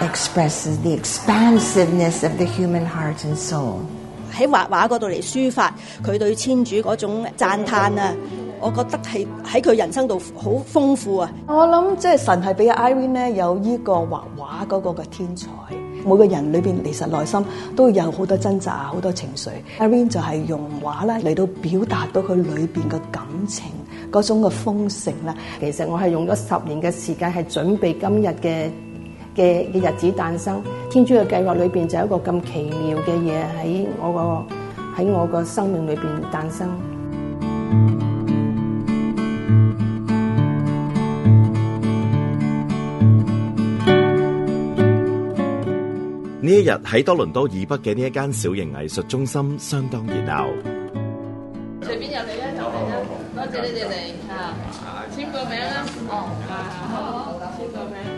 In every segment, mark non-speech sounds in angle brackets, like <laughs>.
expresses the expansiveness of the human heart and soul。喺畫畫嗰度嚟抒發，佢對千主嗰種讚嘆啊，我覺得係喺佢人生度好豐富啊。我諗即係神係俾 Irene 咧有依個畫畫嗰個嘅天才。每個人裏邊其實內心都有好多掙扎啊，好多情緒。Mm hmm. Irene 就係用畫咧嚟到表達到佢裏邊嘅感情，嗰種嘅豐盛啦。其實我係用咗十年嘅時間係準備今日嘅，mm。Hmm. 嘅嘅日子誕生，天主嘅計劃裏邊就有一個咁奇妙嘅嘢喺我個喺我個生命裏邊誕生。呢一日喺多倫多以北嘅呢一間小型藝術中心相當熱鬧。隨便入嚟咧就係啦，多謝多謝你哋嚟，簽個名啦，哦，好，簽個名。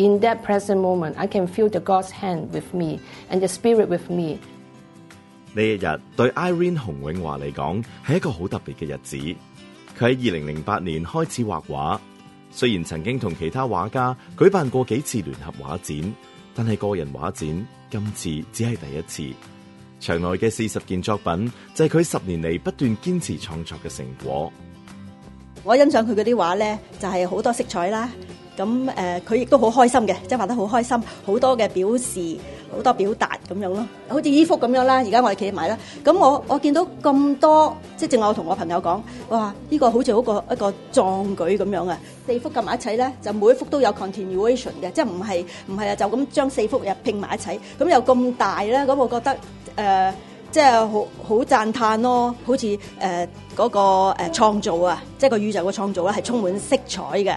In that present moment, I can feel the God's hand with me and the Spirit with me. 呢一日，對 Irene 洪永華嚟講係一個好特別嘅日子。佢喺2008年開始畫畫，雖然曾經同其他畫家舉辦過幾次聯合畫展，但係個人畫展今次只係第一次。場內嘅四十件作品就係、是、佢十年嚟不斷堅持創作嘅成果。我欣賞佢啲畫咧，就係好多色彩啦。咁誒，佢、呃、亦都好開心嘅，即係畫得好開心，好多嘅表示，好多表達咁樣咯。好似依幅咁樣啦，而家我哋企埋啦。咁我我見到咁多，即係正係我同我朋友講，哇！呢、呢個好似好個一個壯舉咁樣啊！四幅撳埋一齊咧，就每一幅都有 continuation 嘅，即係唔係唔係啊？就咁將四幅嘢拼埋一齊，咁又咁大咧，咁我覺得誒、呃，即係好好讚嘆咯，好似誒嗰個、呃、創造啊，即係個宇宙嘅創造啦，係充滿色彩嘅。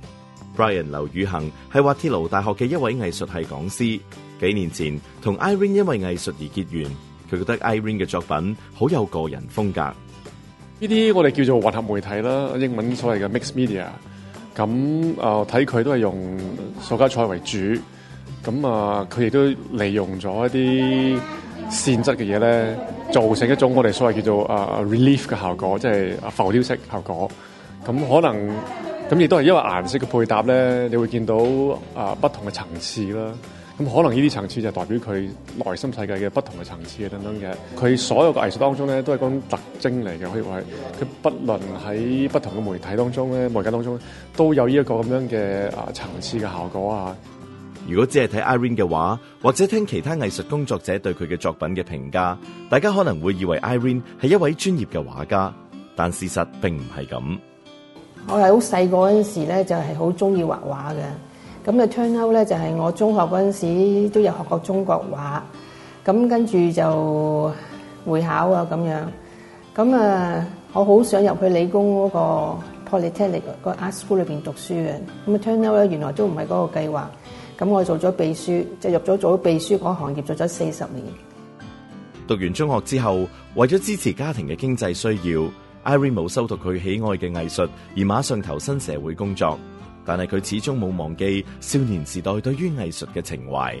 Brian 劉宇恆係滑鐵盧大學嘅一位藝術系講師，幾年前同 Irene 因為藝術而結緣。佢覺得 Irene 嘅作品好有個人風格。呢啲我哋叫做混合媒體啦，英文所謂嘅 mixed media。咁啊，睇佢都係用塑膠菜為主。咁啊，佢亦都利用咗一啲線質嘅嘢咧，造成一種我哋所謂叫做啊 relief 嘅效果，即係浮雕式效果。咁可能。咁亦都係因為顏色嘅配搭咧，你會見到啊不同嘅層次啦。咁可能呢啲層次就代表佢內心世界嘅不同嘅層次啊等等嘅。佢所有嘅藝術當中咧，都係嗰種特徵嚟嘅，可以話係。佢不論喺不同嘅媒體當中咧，媒介當中都有呢一個咁樣嘅啊層次嘅效果啊。如果只係睇 Irene 嘅話，或者聽其他藝術工作者對佢嘅作品嘅評價，大家可能會以為 Irene 係一位專業嘅畫家，但事實並唔係咁。我係好細個嗰陣時咧，就係好中意畫畫嘅。咁嘅 turn out 咧，就係我中學嗰陣時都有學過中國畫。咁跟住就會考啊咁樣。咁啊，我好想入去理工嗰個 polytechnic 個 art school 裏邊讀書嘅。咁嘅 turn out 咧，原來都唔係嗰個計劃。咁我做咗秘書，就入咗做咗秘書嗰個行業，做咗四十年。讀完中學之後，為咗支持家庭嘅經濟需要。i r 艾瑞冇修讀佢喜愛嘅藝術，而馬上投身社會工作。但係佢始終冇忘記少年時代對於藝術嘅情懷。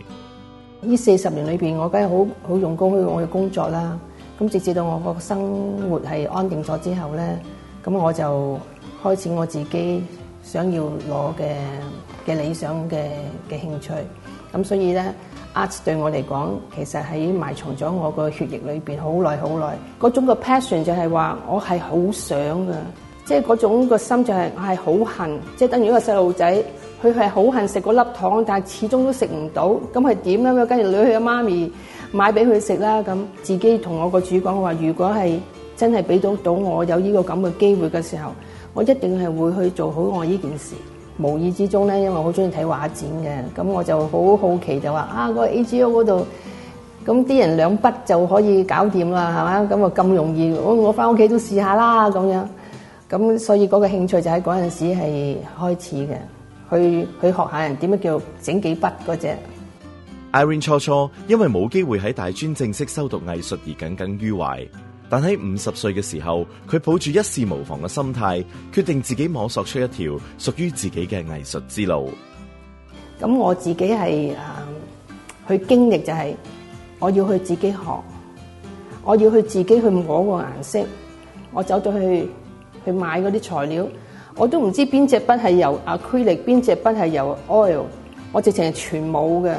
呢四十年裏邊，我梗係好好用功去用我嘅工作啦。咁直至到我個生活係安定咗之後咧，咁我就開始我自己想要攞嘅嘅理想嘅嘅興趣，咁所以咧，art 對我嚟講，其實喺埋藏咗我個血液裏邊好耐好耐，嗰種個 passion 就係話我係好想㗎，即係嗰種個心就係我係好恨，即係等於一個細路仔，佢係好恨食嗰粒糖，但係始終都食唔到，咁係點樣？我跟住女嘅媽咪買俾佢食啦，咁自己同我個主講話，如果係真係俾到到我有呢個咁嘅機會嘅時候，我一定係會去做好我呢件事。無意之中咧，因為好中意睇畫展嘅，咁我就好好奇就話啊，個 A G O 度，咁啲人兩筆就可以搞掂啦，係嘛？咁啊咁容易，我我翻屋企都試下啦，咁樣，咁所以嗰個興趣就喺嗰陣時係開始嘅，去去學一下人點樣叫整幾筆嗰隻。Irene 初初因為冇機會喺大專正式修讀藝術而耿耿於懷。但喺五十歲嘅時候，佢抱住一事無妨嘅心態，決定自己摸索出一條屬於自己嘅藝術之路。咁我自己係誒、呃，去經歷就係、是、我要去自己學，我要去自己去摸個顏色，我走到去去買嗰啲材料，我都唔知邊隻筆係由 acrylic，邊隻筆係由 oil，我直情係全冇嘅。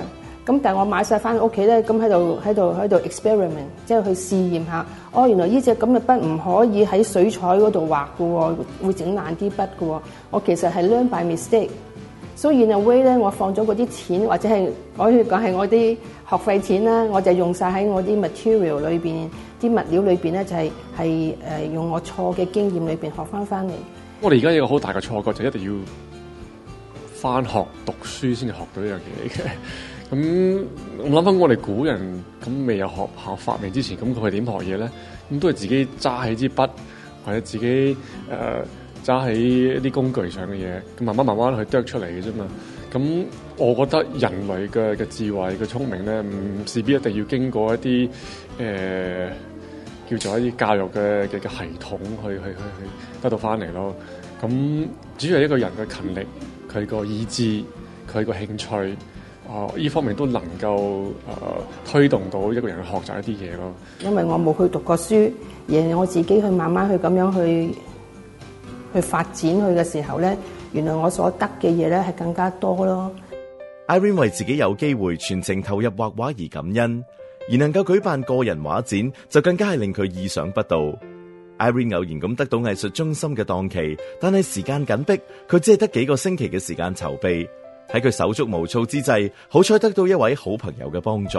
咁但係我買晒翻屋企咧，咁喺度喺度喺度 experiment，即係去試驗下。哦，原來呢隻咁嘅筆唔可以喺水彩嗰度畫㗎喎，會整爛啲筆㗎喎。我其實係 learn by mistake。所以 anyway 咧，我放咗嗰啲錢或者係，我可以講係我啲學費錢啦，我就用晒喺我啲 material 裏邊，啲物料裏邊咧就係係誒用我錯嘅經驗裏邊學翻翻嚟。我哋而家有個好大嘅錯覺，就係一定要翻學讀書先至學到呢樣嘢嘅。 <laughs> 咁我諗翻我哋古人咁未有學校發明之前，咁佢係點學嘢咧？咁都係自己揸起支筆，或者自己呃、揸起一啲工具上嘅嘢，慢慢慢慢去啄出嚟嘅啫嘛。咁我覺得人類嘅嘅智慧、嘅聰明咧，唔是必一定要經過一啲、呃、叫做一啲教育嘅嘅嘅系統去去去去得到翻嚟咯。咁主要係一個人嘅勤力、佢個意志、佢個興趣。哦，呢方面都能夠誒、呃、推動到一個人去學習一啲嘢咯。因為我冇去讀過書，而我自己去慢慢去咁樣去去發展佢嘅時候咧，原來我所得嘅嘢咧係更加多咯。Irene 為自己有機會全程投入畫畫而感恩，而能夠舉辦個人畫展就更加係令佢意想不到。Irene 偶然咁得到藝術中心嘅檔期，但係時間緊迫，佢只係得幾個星期嘅時間籌備。喺佢手足無措之際，好彩得到一位好朋友嘅幫助。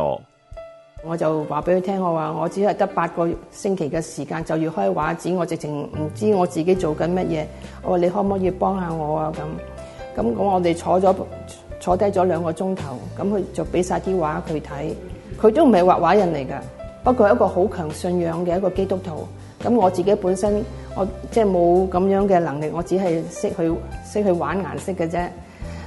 我就話俾佢聽，我話我只係得八個星期嘅時間就要開畫展，我直情唔知我自己做緊乜嘢。我話你可唔可以幫下我啊？咁咁咁，我哋坐咗坐低咗兩個鐘頭，咁佢就俾晒啲畫佢睇。佢都唔係畫畫人嚟噶，不過係一個好強信仰嘅一個基督徒。咁我自己本身我即係冇咁樣嘅能力，我只係識去識去玩顏色嘅啫。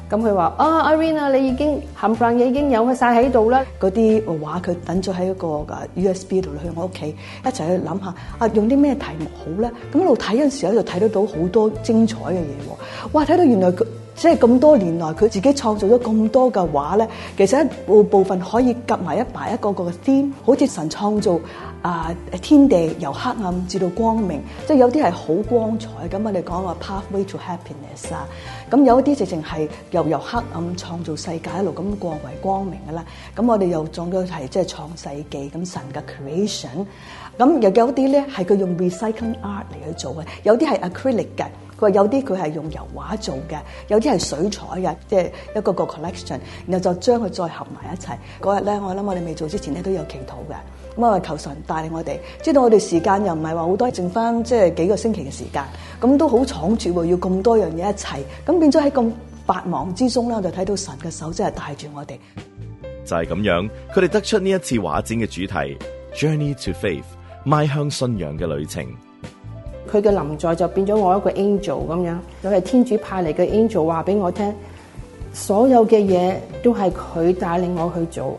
咁佢話啊，Irene 啊，你已經冚唪唥已經有佢曬喺度啦。嗰啲畫，佢等咗喺一個 USB 度去我屋企，一齊去諗下啊，用啲咩題目好咧？咁一路睇嘅時候就睇得到好多精彩嘅嘢喎。哇！睇到原來佢。即係咁多年來，佢自己創造咗咁多嘅畫咧，其實一部部分可以夾埋一排一個個嘅 theme，好似神創造啊、呃、天地由黑暗至到光明，即係有啲係好光彩咁。我哋講話 pathway to happiness 啊，咁有啲直情係由由黑暗創造世界一路咁過為光明噶啦。咁我哋又講咗係即係創世紀咁神嘅 creation，咁又有啲咧係佢用 recycling art 嚟去做嘅，有啲係 acrylic 嘅。佢話有啲佢係用油畫做嘅，有啲係水彩嘅，即係一個個 collection，然後就將佢再合埋一齊。嗰日咧，我諗我哋未做之前咧都有祈禱嘅。咁我求神帶領我哋，知道我哋時間又唔係話好多，剩翻即係幾個星期嘅時間，咁都好倉促喎，要咁多樣嘢一齊，咁變咗喺咁繁忙之中咧，我就睇到神嘅手真係帶住我哋。就係咁樣，佢哋得出呢一次畫展嘅主題：Journey to Faith，邁向信仰嘅旅程。佢嘅臨在就變咗我一個 angel 咁樣，又係天主派嚟嘅 angel 話俾我聽，所有嘅嘢都係佢帶領我去做，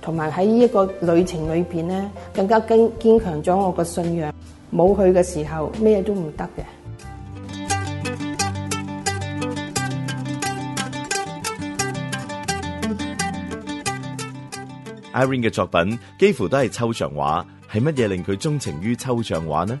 同埋喺呢一個旅程裏邊咧，更加堅堅強咗我個信仰。冇佢嘅時候，咩都唔得嘅。Irene 嘅作品幾乎都係抽象畫，係乜嘢令佢鍾情於抽象畫呢？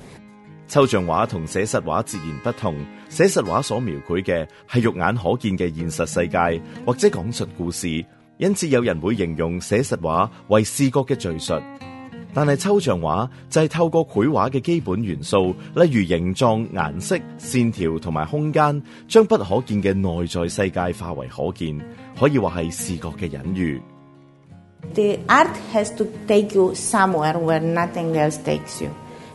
抽象畫同寫實畫截然不同，寫實畫所描繪嘅係肉眼可見嘅現實世界，或者講述故事。因此有人會形容寫實畫為視覺嘅敘述，但係抽象畫就係透過繪畫嘅基本元素，例如形狀、顏色、線條同埋空間，將不可見嘅內在世界化為可見，可以話係視覺嘅隱喻。The art has to take you somewhere where nothing else takes you.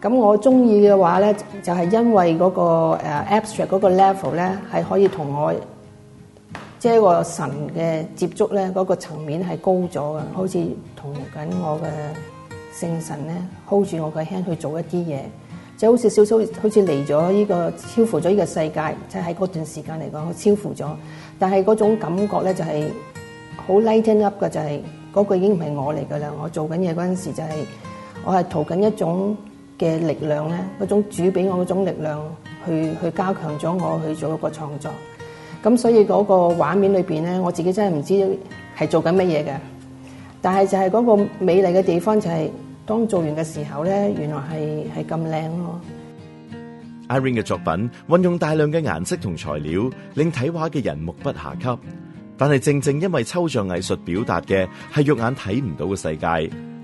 咁我中意嘅話咧，就係、是、因為嗰、那個誒、uh, abstract 嗰個 level 咧，係可以同我即係我神嘅接觸咧，嗰、那個層面係高咗嘅，好似同緊我嘅聖神咧 hold 住我嘅 hand 去做一啲嘢，就好似少少好似嚟咗呢個超乎咗呢個世界，即係喺嗰段時間嚟講我超乎咗。但係嗰種感覺咧就係好 lighten up 嘅，就係、是、嗰、就是、個已經唔係我嚟嘅啦。我做緊嘢嗰陣時候就係、是、我係圖緊一種。嘅力量咧，嗰種主俾我嗰種力量，去去加強咗我去做一個創作。咁所以嗰個畫面裏邊咧，我自己真係唔知係做緊乜嘢嘅。但係就係嗰個美麗嘅地方，就係，就係當做完嘅時候咧，原來係係咁靚咯。Irene 嘅作品運用大量嘅顏色同材料，令睇畫嘅人目不暇給。但係正正因為抽象藝術表達嘅係肉眼睇唔到嘅世界。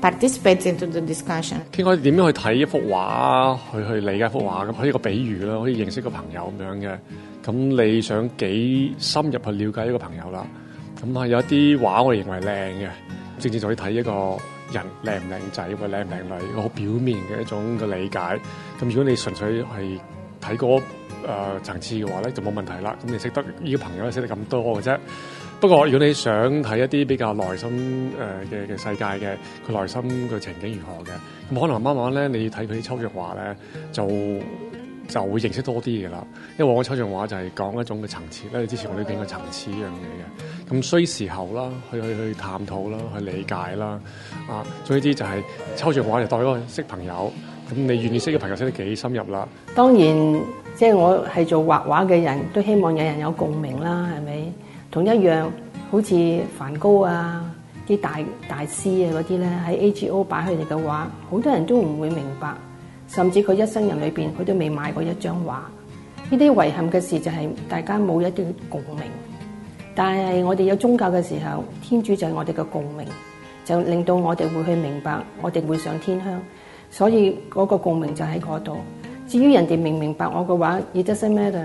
傾我哋點樣去睇一幅畫，去去理解一幅畫咁，可以個比喻啦，可以認識個朋友咁樣嘅。咁你想幾深入去了解一個朋友啦？咁啊有一啲畫我認為靚嘅，正正仲要睇一個人靚唔靚仔，或靚唔靚女，好表面嘅一種嘅理解。咁如果你純粹係睇嗰誒層次嘅話咧，就冇問題啦。咁你識得呢、這個朋友咧，識得咁多嘅啫。不過，如果你想睇一啲比較內心嘅嘅世界嘅，佢內心嘅情景如何嘅，咁可能慢慢咧，你睇佢啲抽象畫咧，就就會認識多啲嘅啦。因為我個抽象畫就係講一種嘅層次，咧之前我呢邊嘅層次一樣嘢嘅。咁需時候啦，去去去探討啦，去理解啦。啊，總之就係抽象畫就代咗識朋友。咁你願意識嘅朋友識得幾深入啦？當然，即係我係做畫畫嘅人都希望有人有共鳴啦，係咪？同一樣，好似梵高啊，啲大大師啊嗰啲咧，喺 AGO 擺佢哋嘅畫，好多人都唔會明白，甚至佢一生人裏面，佢都未買過一張畫。呢啲遺憾嘅事就係大家冇一啲共鳴。但係我哋有宗教嘅時候，天主就係我哋嘅共鳴，就令到我哋會去明白，我哋會上天鄉。所以嗰個共鳴就喺嗰度。至於人哋明唔明白我嘅話，唔得先咩嘅。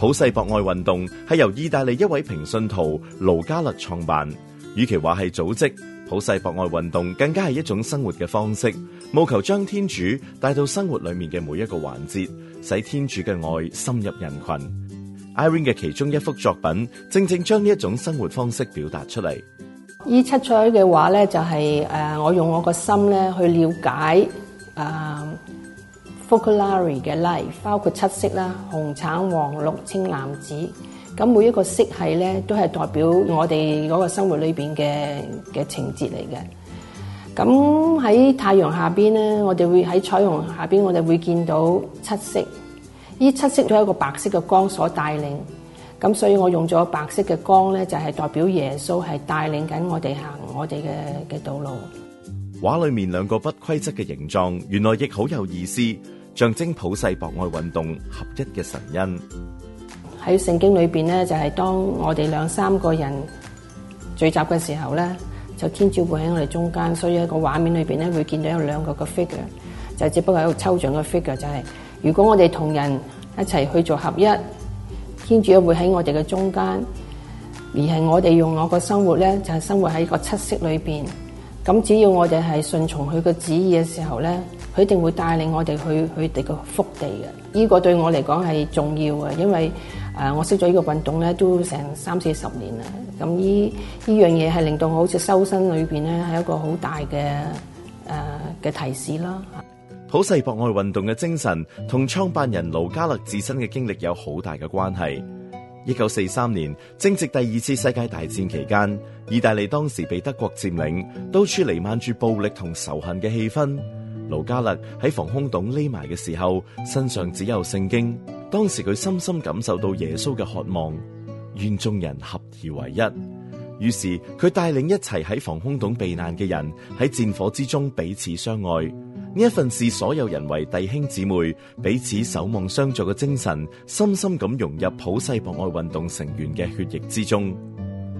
普世博愛運動係由意大利一位平信徒盧嘉勒創辦，與其話係組織，普世博愛運動更加係一種生活嘅方式，務求將天主帶到生活裏面嘅每一個環節，使天主嘅愛深入人群。Irene 嘅其中一幅作品，正正將呢一種生活方式表達出嚟。呢七彩嘅話咧，就係、是、誒，我用我個心咧去了解、呃 f o c a l a r y 嘅 light 包括七色啦，紅、橙、黃、綠、青、藍、紫。咁每一個色系咧，都係代表我哋嗰個生活裏邊嘅嘅情節嚟嘅。咁喺太陽下邊咧，我哋會喺彩虹下邊，我哋會見到七色。依七色都係一個白色嘅光所帶領。咁所以我用咗白色嘅光咧，就係代表耶穌係帶領緊我哋行我哋嘅嘅道路。畫裏面兩個不規則嘅形狀，原來亦好有意思。象徵普世博愛運動合一嘅神恩，喺聖經裏邊咧，就係、是、當我哋兩三個人聚集嘅時候咧，就天主會喺我哋中間，所以喺個畫面裏邊咧會見到有兩個個 figure，就只不過係一個抽象嘅 figure，就係、是、如果我哋同人一齊去做合一，天主會喺我哋嘅中間，而係我哋用我個生活咧就係、是、生活喺個七色裏邊，咁只要我哋係順從佢個旨意嘅時候咧。佢一定會帶領我哋去佢哋個福地嘅，呢個對我嚟講係重要嘅，因為誒我識咗呢個運動咧都成三四十年啦，咁依依樣嘢係令到我好似修身裏邊咧係一個好大嘅誒嘅提示啦。普世博愛運動嘅精神同創辦人盧嘉勒自身嘅經歷有好大嘅關係。一九四三年正值第二次世界大戰期間，意大利當時被德國佔領，到處彌漫住暴力同仇恨嘅氣氛。盧嘉勒喺防空洞匿埋嘅時候，身上只有聖經。當時佢深深感受到耶穌嘅渴望，願眾人合而為一。於是佢帶領一齊喺防空洞避難嘅人喺戰火之中彼此相愛。呢一份視所有人為弟兄姊妹、彼此守望相助嘅精神，深深咁融入普世博愛運動成員嘅血液之中。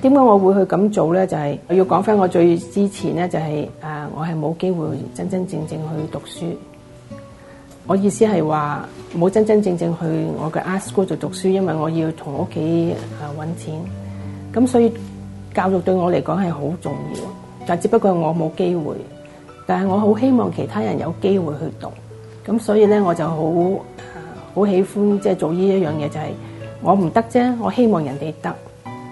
點解我會去咁做咧？就係、是、我要講翻我最之前咧，就係誒，我係冇機會真真正正去讀書。我意思係話冇真真正正去我嘅 art school 度讀書，因為我要同屋企誒搵錢。咁所以教育對我嚟講係好重要，但只不過我冇機會。但係我好希望其他人有機會去讀。咁所以咧，我就好誒好喜歡即係做呢一樣嘢，就是，就係我唔得啫，我希望人哋得。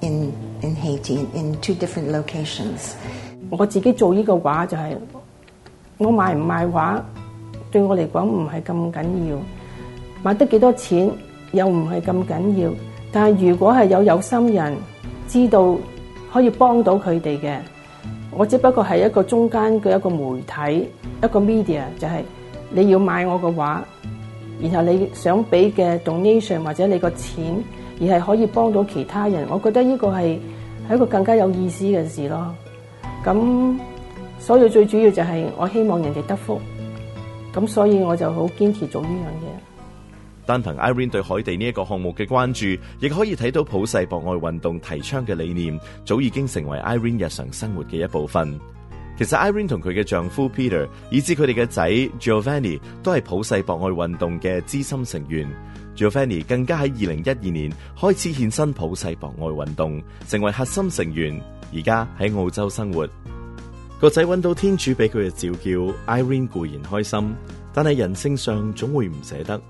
in in Haiti in two different locations。我自己做呢個畫就係我賣唔賣畫對我嚟講唔係咁緊要，買得幾多錢又唔係咁緊要。但係如果係有有心人知道可以幫到佢哋嘅，我只不過係一個中間嘅一個媒體一個 media，就係你要買我嘅畫，然後你想俾嘅 donation 或者你個錢。而係可以幫到其他人，我覺得呢個係一個更加有意思嘅事咯。咁所以最主要就係我希望人哋得福。咁所以我就好堅持做呢樣嘢。單憑 Irene 對海地呢一個項目嘅關注，亦可以睇到普世博愛運動提倡嘅理念，早已經成為 Irene 日常生活嘅一部分。其實 Irene 同佢嘅丈夫 Peter 以至佢哋嘅仔 Giovanni 都係普世博愛運動嘅資深成員。Giovanni 更加喺二零一二年開始獻身普世博愛運動，成為核心成員。而家喺澳洲生活個仔揾到天主俾佢嘅召叫，Irene 固然開心，但係人性上總會唔捨得，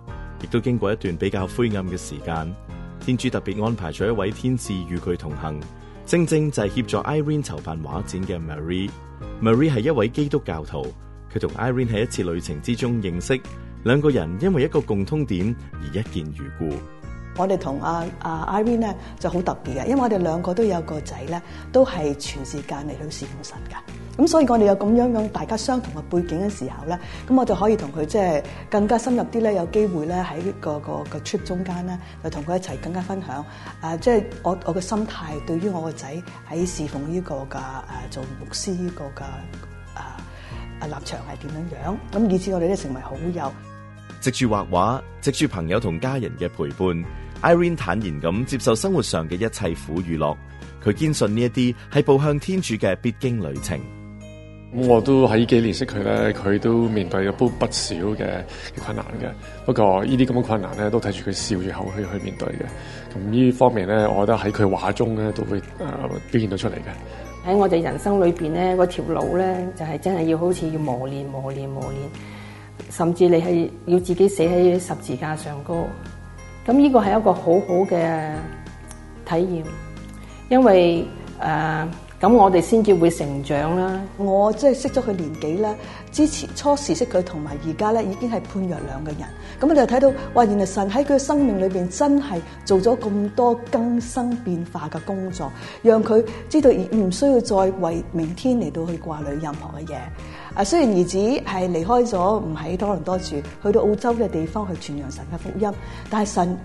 亦都經過一段比較灰暗嘅時間。天主特別安排咗一位天使與佢同行，正正就係協助 Irene 籌辦畫展嘅 Marie。Marie 係一位基督教徒，佢同 Irene 喺一次旅程之中認識，兩個人因為一個共通點而一見如故。我哋同阿阿 Irene 咧就好特別嘅，因為我哋兩個都有個仔咧，都係全時間嚟去侍奉神噶。咁所以我哋有咁樣樣大家相同嘅背景嘅時候咧，咁我就可以同佢即係更加深入啲咧，有機會咧喺個個個 trip 中間咧，就同佢一齊更加分享誒，即、呃、係、就是、我我嘅心態對於我個仔喺侍奉呢個噶誒、呃、做牧師呢個噶啊啊立場係點樣樣，咁以至我哋咧成為好友，藉住畫畫，藉住朋友同家人嘅陪伴，Irene 坦然咁接受生活上嘅一切苦與樂，佢堅信呢一啲係步向天主嘅必經旅程。咁我都喺呢幾年識佢咧，佢都面對咗不不少嘅困難嘅。不過呢啲咁嘅困難咧，都睇住佢笑住口去去面對嘅。咁呢方面咧，我覺得喺佢畫中咧，都會誒表現到出嚟嘅。喺我哋人生裏邊咧，嗰條路咧，就係、是、真係要好似要磨練、磨練、磨練，甚至你係要自己寫喺十字架上高。咁呢個係一個很好好嘅體驗，因為誒。呃咁我哋先至會成長啦。我即係識咗佢年幾啦，之前初時識佢同埋而家咧已經係判若兩個人。咁我哋睇到哇，原來神喺佢嘅生命裏邊真係做咗咁多更新變化嘅工作，讓佢知道而唔需要再為明天嚟到去掛慮任何嘅嘢。啊，雖然兒子係離開咗唔喺多倫多住，去到澳洲嘅地方去傳揚神嘅福音，但係神，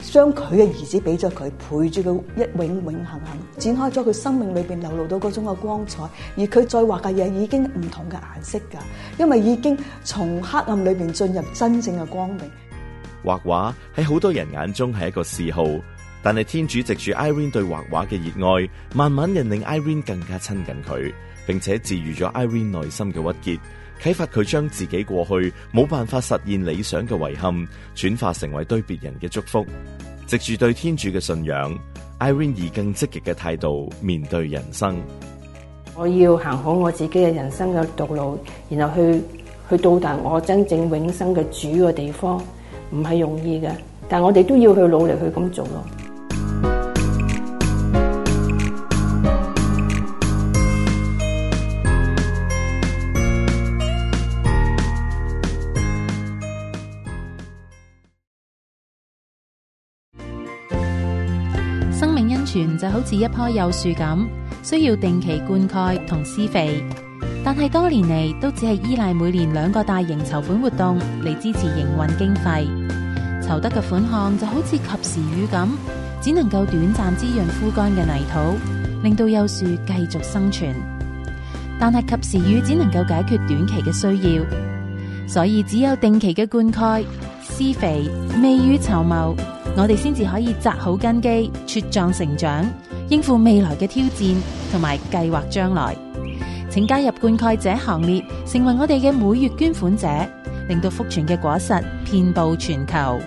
將佢嘅兒子俾咗佢，陪住佢一永永恆恆，展開咗佢生命裏邊流露到嗰種嘅光彩。而佢再畫嘅嘢，已經唔同嘅顏色噶，因為已經從黑暗裏邊進入真正嘅光明。畫畫喺好多人眼中係一個嗜好，但係天主藉住 Irene 對畫畫嘅熱愛，慢慢引領 Irene 更加親近佢，並且治癒咗 Irene 內心嘅鬱結。啟發佢將自己過去冇辦法實現理想嘅遺憾，轉化成為對別人嘅祝福，藉住對天主嘅信仰，Irene 以更積極嘅態度面對人生。我要行好我自己嘅人生嘅道路，然後去去到達我真正永生嘅主嘅地方，唔係容易嘅，但我哋都要去努力去咁做咯。就好似一棵幼樹咁，需要定期灌溉同施肥，但係多年嚟都只係依賴每年兩個大型籌款活動嚟支持營運經費。籌得嘅款項就好似及時雨咁，只能夠短暫滋潤枯乾嘅泥土，令到幼樹繼續生存。但係及時雨只能夠解決短期嘅需要，所以只有定期嘅灌溉、施肥、未雨綢繆。我哋先至可以扎好根基、茁壯成長，應付未來嘅挑戰同埋計劃將來，請加入灌溉者行列，成為我哋嘅每月捐款者，令到福泉嘅果實遍佈全球。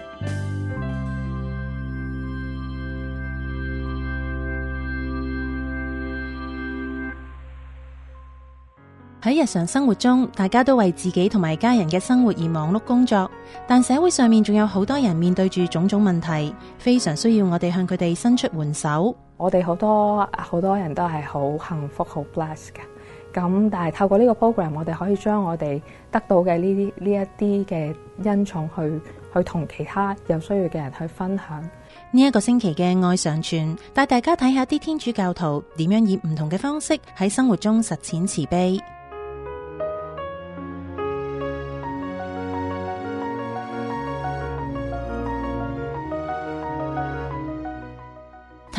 喺日常生活中，大家都為自己同埋家人嘅生活而忙碌工作。但社會上面仲有好多人面對住種種問題，非常需要我哋向佢哋伸出援手。我哋好多好多人都係好幸福、好 bless 嘅。咁但係透過呢個 program，我哋可以將我哋得到嘅呢啲呢一啲嘅恩寵去，去去同其他有需要嘅人去分享。呢一個星期嘅愛上傳，帶大家睇下啲天主教徒點樣以唔同嘅方式喺生活中實踐慈悲。